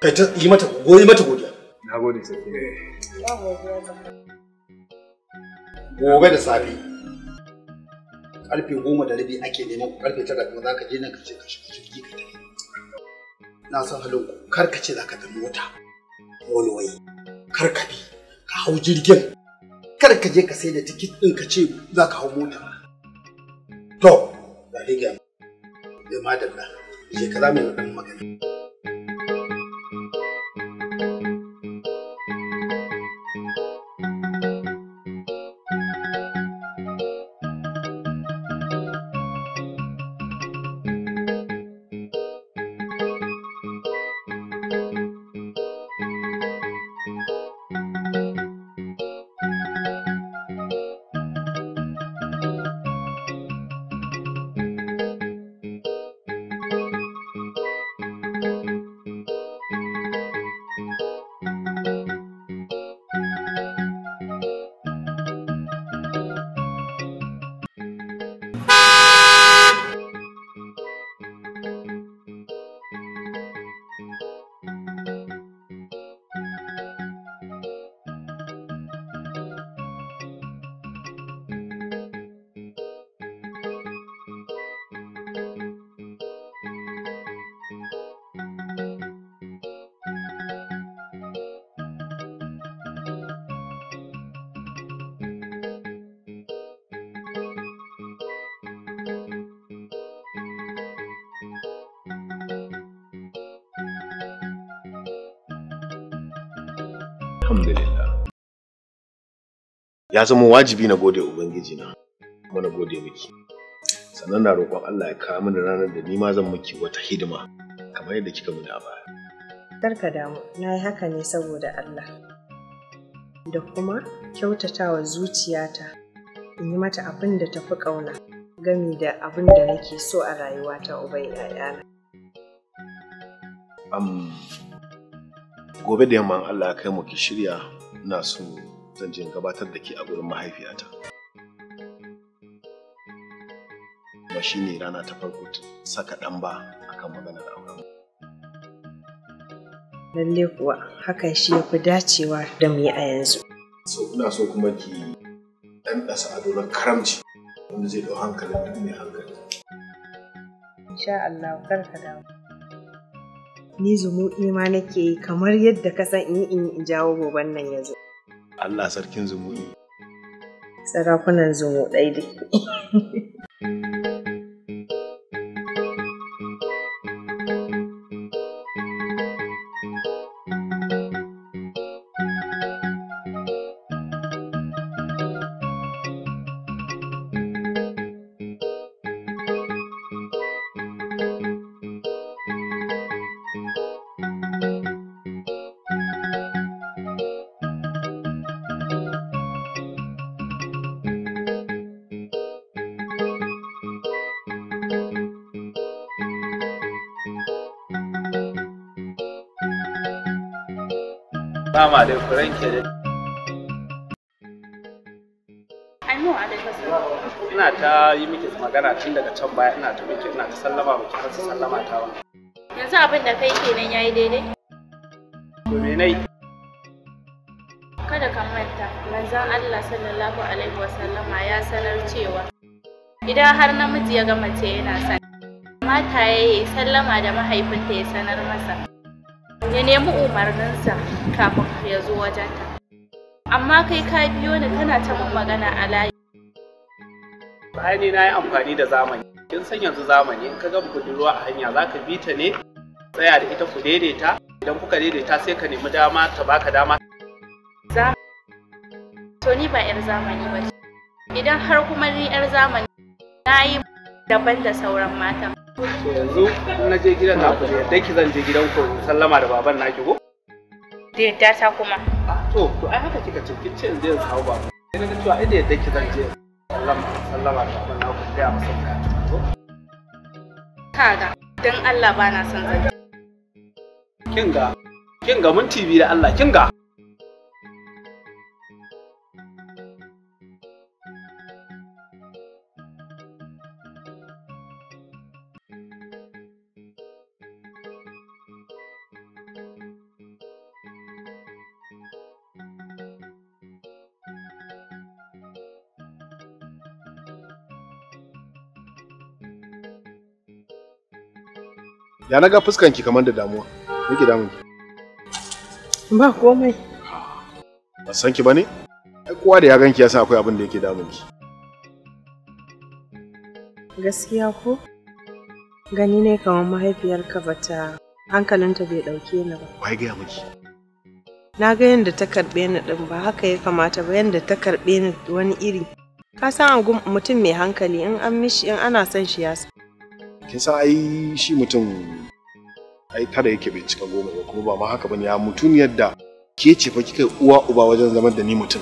Kai yi mata goyi mata godiya. Na gode sarki. Eh. Gobe da safe. Karfe goma da rabi ake neman karfe tara kuma za ka je nan ka ce ka shiga jirgi ka tafi. Na san halin ku kar ka ce za ka tafi mota. wani kar ka bi ka hau jirgin. Kar ka je ka sai da tikit ɗin ka ce za ka hau mota. To, da riga. Da madalla. Je ka za mu yi magana. ya zama wajibi na gode ubangiji na kuma na gode miki sannan na roƙon Allah ya kawo mini ranar da ni ma zan miki wata hidima kamar yadda kika mini a baya ka damu na yi haka ne saboda Allah da kuma kyautatawa zuciyata in yi mata abin da tafi ƙauna gami da abin da nake so a rayuwata uban 'ya'yana. Um, gobe da yamma Allah ya kai mu ki shirya ina so zan je gabatar da ke a gurin mahaifiyata kuma ne rana ta farko saka ɗan ba akan maganar auren lalle kuwa hakan shi ya fi dacewa da mu yi a yanzu so ina so kuma ki ɗan ɗasa a na karamci wanda zai ɗau hankalin duk mai hankali insha Allah kar ka dawo ni zumuɗi ma nake yi kamar yadda ka san in in in jawo goban nan ya Allah sarkin zumuɗi. Sarakunan zumuɗai dai. Assalamu alaikum da. Ina ta yi miki magana tun daga can baya ina ta miki ina ta sallama miki har su sallama ta wani. Yanzu abin da kai kenan yayi daidai? To me nai? Kada ka manta, manzon Allah sallallahu alaihi wasallama ya sanar cewa idan har namiji ya ga mace yana sa mata ya yi sallama da mahaifinta ya sanar masa ya nemi umarninsa kafin ya zo wajenta amma kai ka biyo ni kana ta mun magana a layi bayani na yi amfani da zamani kin san yanzu zamani in ka ga budurwa a hanya za ka bi ta ne tsaya da ita ku daidaita idan kuka daidaita sai ka nemi dama ta baka dama za to ni ba 'yar zamani ba idan har kuma ni 'yar zamani na yi daban da sauran mata. yanzu na je gidan na da yadda ki zan je gidan ku sallama da baban naki ko? Da yadda ta kuma. To, to ai haka kika ce kin ce yanzu yanzu hau ba. Sai na ga cewa inda yadda ki zan je sallama sallama da baban naku sai a masa Ka Kaga, don Allah ba na son zan. Kin ga, kin ga mun TV da Allah, kin ga. Ya naga fuskan ki kamar da damuwa. Miki damun ki. Ba komai. Ba san ki bane? Ai kowa da ya ganki yasa akwai abin da yake damun ki. Gaskiya ko? Gani ne kamar mahaifiyarka bata hankalinta bai dauke ni ba. Wai ga miki. Na ga yadda ta karɓe ni ɗin ba haka ya kamata ba yadda ta karɓe ni wani iri. Ka san mutum mai hankali in an mishi in ana son shi ya kin san ai shi mutum ai tare yake bai cika goma ba kuma ba ma haka bane ya mutum yadda ke ce fa kika uwa uba wajen zaman da ni mutum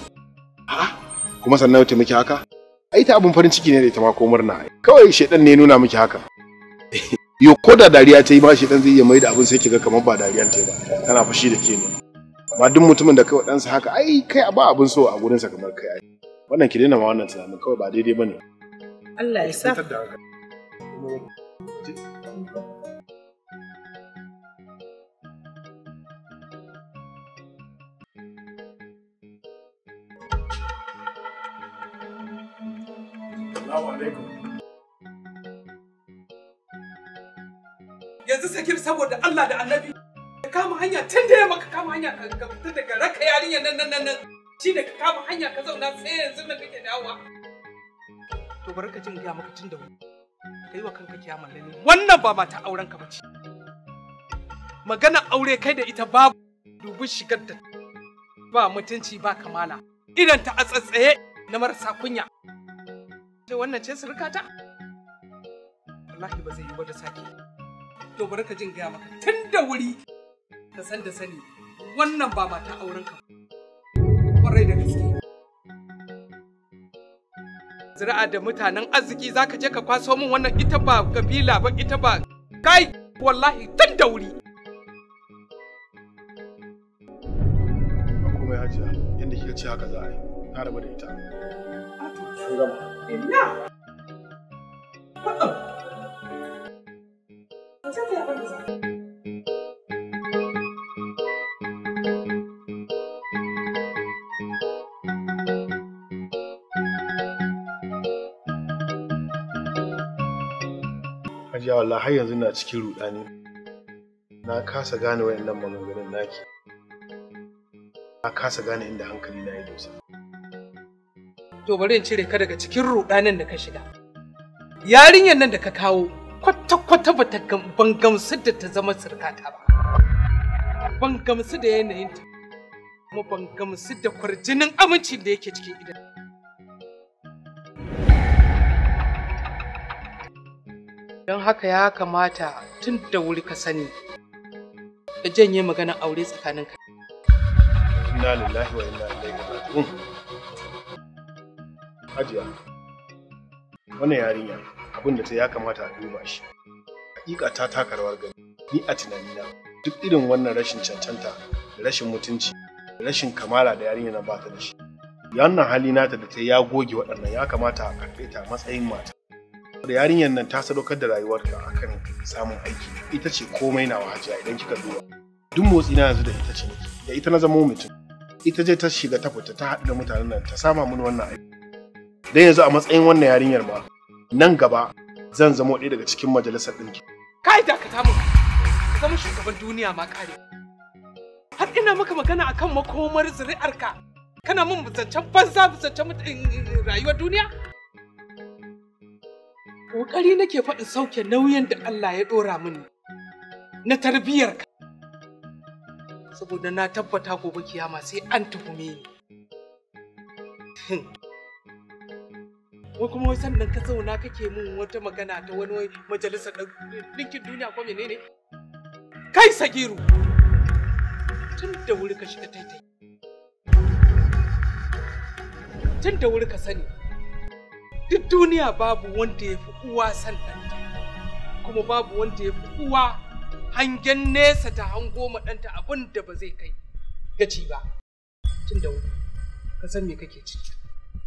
ha kuma sannan wata miki haka ai ta abun farin ciki ne da ita ma ko murna kawai shedan ne nuna miki haka yo ko da dariya ta yi ma shedan zai iya mai da abun sai kiga kamar ba dariyan ta ba tana fushi da ke ne amma duk mutumin da kai wadansa haka ai kai ba abun so a gurinsa kamar kai ai wannan ki daina ma wannan tunanin kawai ba daidai bane Allah ya sa Yanzu sakir saboda Allah da annabi ka kama hanya tun da yamma ka kama hanya ka fita daga raka yarinyar nan nan nan nan shi da ka kama hanya ka zauna sai yanzu nan kake dawowa. To bari ka jin gaya maka tun da wuri. kai wa kanka kiyaman lani wannan ba mata auren ka bace magana aure kai da ita babu dubu shigar da ba mutunci ba kamala idan ta atsatsaye na marasa kunya sai wannan ce surkata wallahi ba zai yi wata sake to bari ka jin gaya maka tun da wuri ka san da sani wannan ba mata auren ka kwarai da gaske zira'a da mutanen arziki zaka je ka kwaso min wannan ita ba kabila ba ita ba kai wallahi tun da wuri kuma ya hajiya yadda kika ce haka za a yi na rabu da ita an Thank you. gaskiya har yanzu na cikin rudani na kasa gane wayannan maganganun naki na kasa gane inda hankali na ya dosa to bari in cire ka daga cikin rudanin da ka shiga yarinyar nan da ka kawo kwata-kwata ba ta ban gamsu da ta zama sirkata ba ban gamsu da yanayinta kuma ban gamsu da kwarjinin amincin da yake cikin idan haka ya kamata tun da wuri ka sani ka janye magana aure tsakanin ka inna lillahi wa inna ilaihi raji'un hajiya wannan yarinya abin da ta ya kamata a duba shi hakika ta taka rawar gani ni a tunanina duk irin wannan rashin cancanta da rashin mutunci da rashin kamala da yarinya na bata da shi yannan hali nata da ta ya goge waɗannan ya kamata a karɓe ta matsayin mata da yarinyar nan ta sadaukar da rayuwarta akan samun aiki ita ce komai na hajiya idan kika duba duk motsi na yanzu da ita ce da ita na zama mutum ita je ta shiga ta fita ta haɗu da mutanen nan ta sama mini wannan aiki dan yanzu a matsayin wannan yarinyar ma nan gaba zan zama ɗaya daga cikin majalisar ɗinki kai da ka samu ka zama shugaban duniya ma kare har ina maka magana akan makomar zuri'arka kana mun zancen banza zancen eh, rayuwar duniya ƙoƙari nake faɗin sauke nauyin da Allah ya ɗora mini na tarbiyyar ka. Saboda na tabbata gobe kiyama sai an tuhume ni. Wai kuma wai sannan ka zauna kake min wata magana ta wani wai majalisar ɗinkin duniya ko menene? Kai Sagiru! Tun da wuri ka shiga taitai. Tun da wuri ka sani. duk duniya babu wanda ya fi uwa san ɗanta kuma babu wanda ya fi uwa hangen nesa ta hango ma ɗanta abin da ba zai kai gaci ba tun da wuri ka san me kake ciki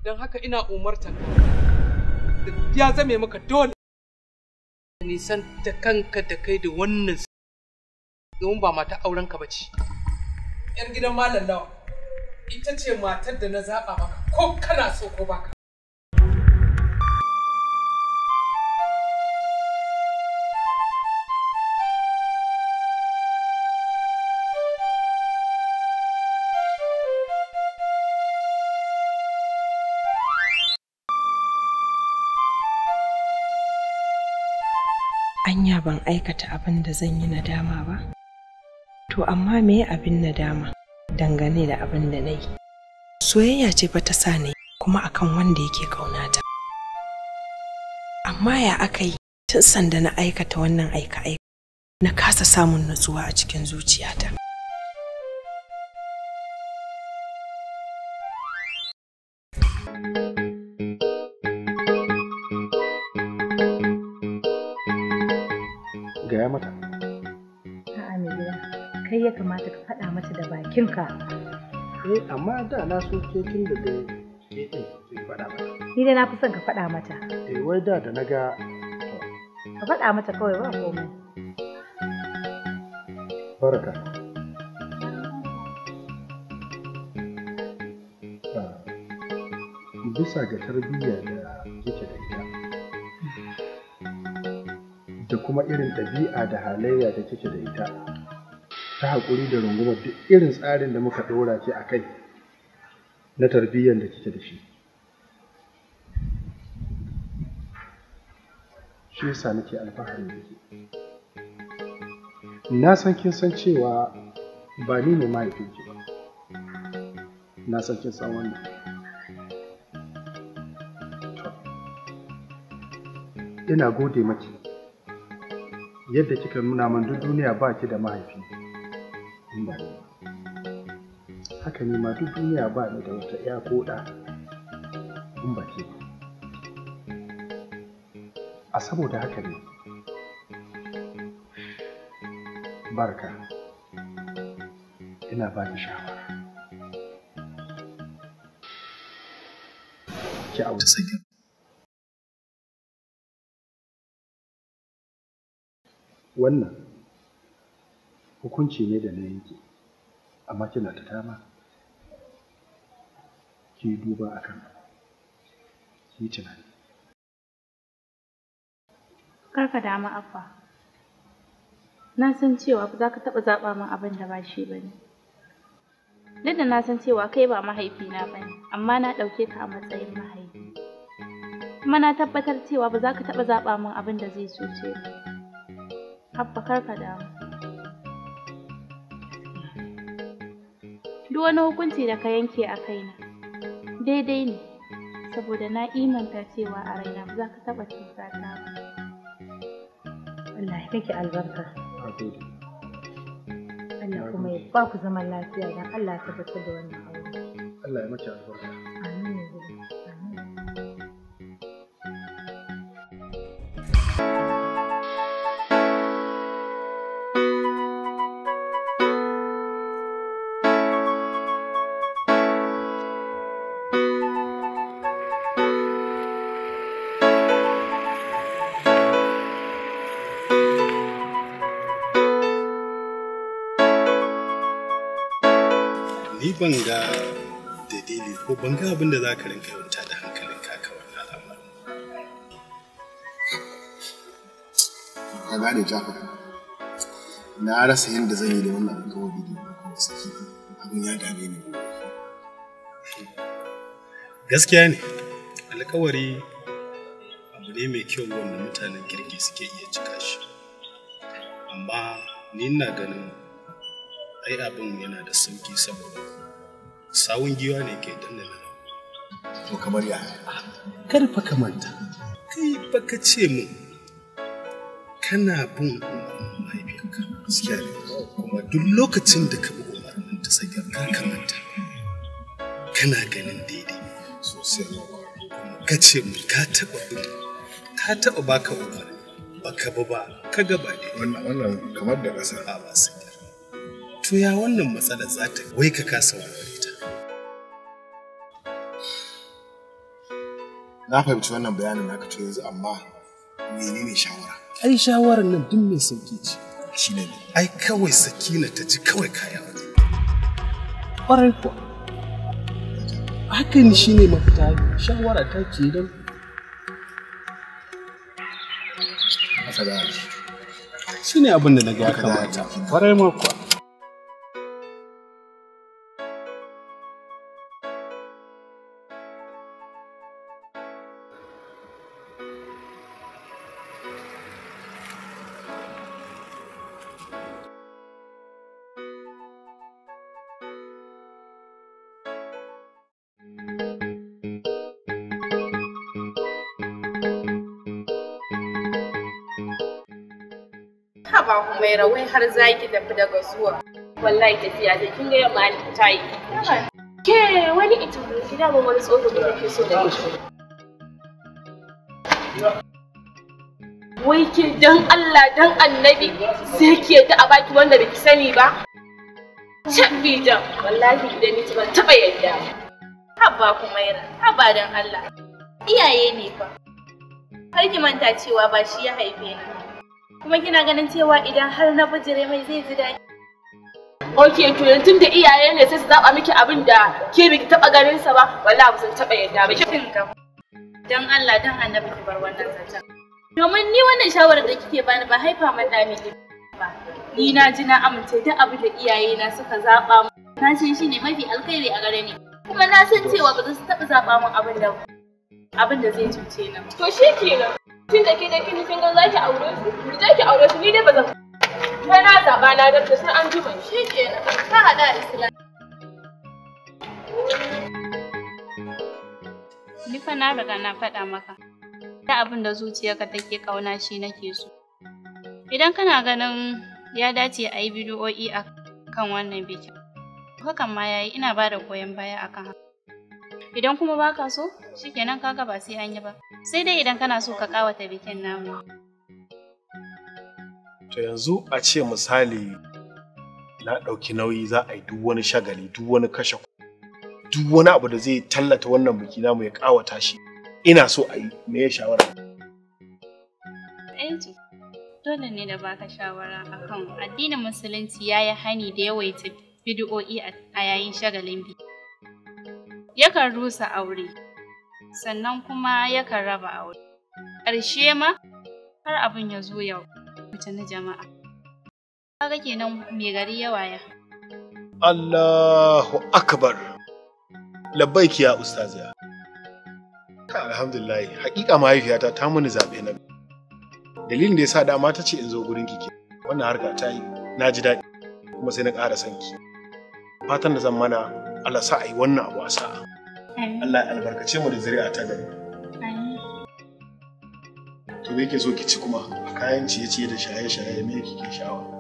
don haka ina umartan da ya zame maka dole nisan ta kanka da kai da wannan domin ba mata aurenka ka bace yar gidan malam nawa ita ce matar da na zaba maka ko kana so ko baka ban aikata abin da zan yi nadama ba? To amma me abin nadama dangane da abin da na yi? Soyayya ce ba ta sa ni kuma akan wanda yake ƙaunata. Amma ya aka yi tun sanda na aikata wannan aika-aika na kasa samun natsuwa a cikin zuciyata. kamata ka faɗa mata da bakinka. Eh, amma da na so ke tun da dai ke faɗa mata. Ni dai na fi son ka faɗa mata. Eh, wai da da na ga. Ka faɗa mata kawai ba komai. Baraka. Ah, bisa ga tarbiyya da yake da ita, da kuma irin ɗabi'a da halayya da kike da ita. ta haƙuri da rungumar duk irin tsarin da muka ɗora ki a kai na tarbiyyar da kike da shi shi yasa nake alfahari da ke na san kin san cewa ba ni ne mahaifinki ba na san kin san wannan ina gode maki yadda kika nuna man duk duniya ba ki da mahaifi daɗin haka ne ma duk duniya ba ni da wata ya ko ɗa in ba ke a saboda haka ne barka ina ba ki shawara ki sakin wannan hukunci ne da na yanke amma kina ta tama ki duba akan ki tunani karka dama, abba na san cewa ba za ka taɓa zaɓa min abin da ba shi ba ne duk da na san cewa kai ba mahaifina ba ne amma na ɗauke ka a matsayin mahaifi kuma na tabbatar cewa ba za ka taɓa zaɓa min abin da zai cuce ba abba karka damu duk wani hukunci da ka yanke a kaina daidai ne saboda na imanta cewa a raina ba za ka taɓa cuta ta ba Allah ya kake albarka Allah kuma ya ba ku zaman lafiya don Allah ya tabbatar da wannan aure Allah ya mace albarka ban ga dalili ko ban ga abin da za ka rinka yawan da hankalin kaka wannan al'amarin. Ka gane Jafar, na rasa yadda zan yi da wannan alkawari da kuma saki abin ya dame ni. Gaskiya ne, alkawari abu ne mai kyau wanda mutanen kirki suke iya cika shi. Amma ni na ganin ai abin yana da sauki saboda sawun giwa ne ke dandana to kamar ya ah, kar fa ka manta kai fa ka ce min kana bin umarnin mahaifiyarka gaskiya ne kuma duk lokacin da ka bi umarnin ta sakar kar ka manta kana ganin daidai sosai ka ce mu ka taba bin Ta taba baka umarni baka ba ba ka gaba da wannan wannan kamar da kasa a ba sai to ya wannan matsalar za ta wai ka kasa wani na fahimci wannan bayanin naka to yanzu amma menene shawara ai shawarar nan duk mai sauki ce shine ne ai kawai sakina ta ji kawai kaya waje ƙwarai kuwa hakan shine mafita shawara ta ke don haka da shine abin da na ga ya kamata Kwarai ma kuwa haba humaira wai har zaki tafi daga zuwa wallahi tafiya sai kin ga yamma ta yi ke wani ita gida ba wani tsoro da kake so da shi wai ke dan Allah dan annabi sai ki yadda a baki wanda baki sani ba Shabbi da wallahi idan ni ban taba yadda haba humaira haba dan Allah iyaye ne fa har ki manta cewa ba shi ya haife ni Kuma kina ganin cewa idan har na bijire mai zai ji daɗi. Ok, to yanzu da iyaye ne sai su zaɓa miki abin da ke biki taɓa ganin sa ba, wallahi ba zan taɓa yadda ba. Shin ga. Dan Allah dan Annabi ki bar wannan zancen. Domin ni wannan shawarar da kike bani ba haifa man da miki ba. Ni na ji na amince duk abin da iyaye na suka zaɓa mu. Na san shi ne mafi alkhairi a gare ni. Kuma na san cewa ba za su taɓa zaɓa mu abin da abin da zai cuce ni. To shi kenan. Tun da ke da kini kin ga zaki aure su, ki aure su ni dai ba Kai na zaba na da sai an ji mai. Shi nan. Ka hada Islam. Ni fa na riga na faɗa maka. Ta abin da zuciyarka take kauna shi nake so. Idan kana ganin ya dace a yi bidiyo'i a kan wannan bikin. Hakan ma yayi ina ba da goyon baya akan haka. idan kuma baka so shikenan kaga ba sai an yi ba sai dai idan kana so ka kawata bikin namu to yanzu a ce misali na ɗauki nauyi za a yi duk wani shagali duk wani kashe duk wani abu da zai tallata wannan biki namu ya kawata shi ina so a yi me ya shawara eh dole ne da baka shawara akan addinin musulunci ya yi hani da yawaita bidiyo'i a yayin shagalin biki yakan rusa aure, sannan kuma yakan raba aure. Ƙarshe ma har abin ya zo yau, mutum na jama'a. Kaga kenan mai gari ya waya. Allahu akbar. Labbaiki ya ustaziya. Alhamdulillah, hakika mahaifiyata ta muni zaɓe na. Dalilin da yasa sa dama ta ce in zo gurin kike. Wannan harka ta yi, na ji daɗi, kuma sai na ƙara sanki. Fatan da zan mana Allah sa a yi wannan abu a sa'a. Allah ya albarkace mu da zuri'a ta gari to me yake so ki ci kuma kayan ciye-ciye da shaye-shaye me kike sha'awa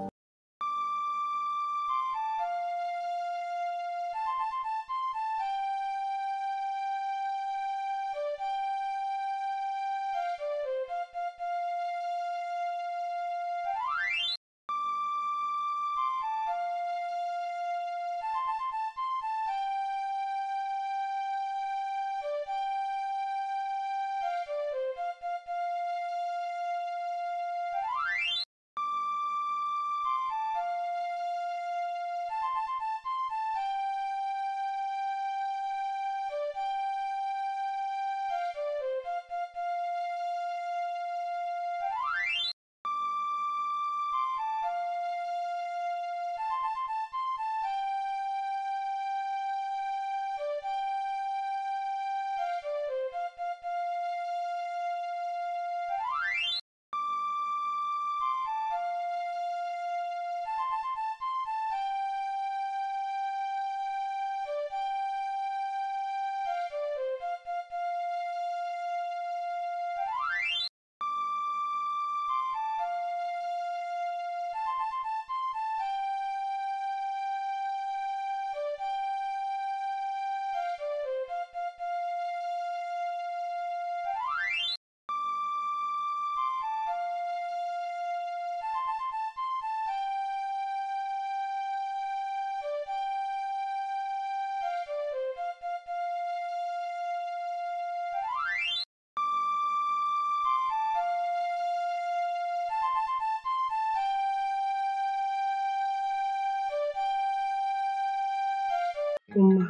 Umma,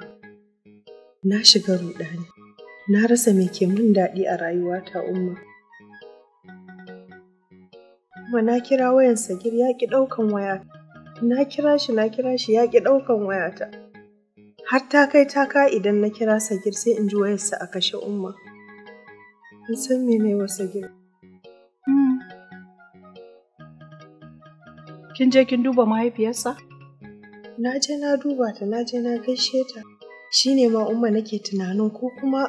na shiga ruɗani. Na rasa me ke min daɗi a rayuwata, Umma. Kuma na kira wayan Sagir ya ki ɗaukan wayata. Na kira shi, na kira shi ya ki ɗaukan wayata. Har ta kai ta ka idan na kira Sagir sai in ji wayarsa a kashe Umma. in san me ne wa Sagir? Hmm. Kin je kin duba mahaifiyarsa? na je na duba ta na je na gaishe ta Shi ne ma umma nake tunanin ko kuma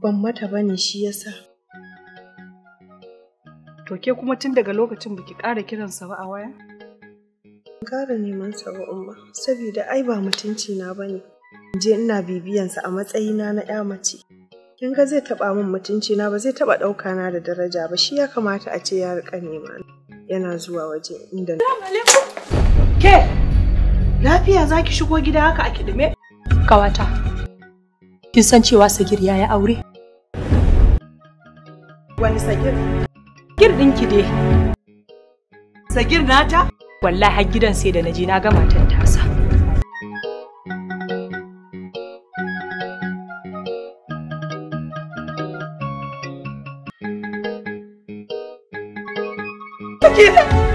ban mata bane shi yasa to ke kuma tun daga lokacin baki ƙara kiransa ba a waya ƙara neman sa ba umma saboda ai ba mutunci na bane je ina bibiyansa a matsayina na ya mace kin ga zai taba min mutunci na ba zai taba dauka na da daraja ba shi ya kamata a ce ya rika nema yana zuwa waje inda ke Lafiya za ki shigo gida haka a kidime? Kawata, kin san cewa Sagir ya yi aure? Wani Sagir? Sagir ɗinki dai. Sagir nata? Wallahi har gidan sai da na na gama tattasa. tasa.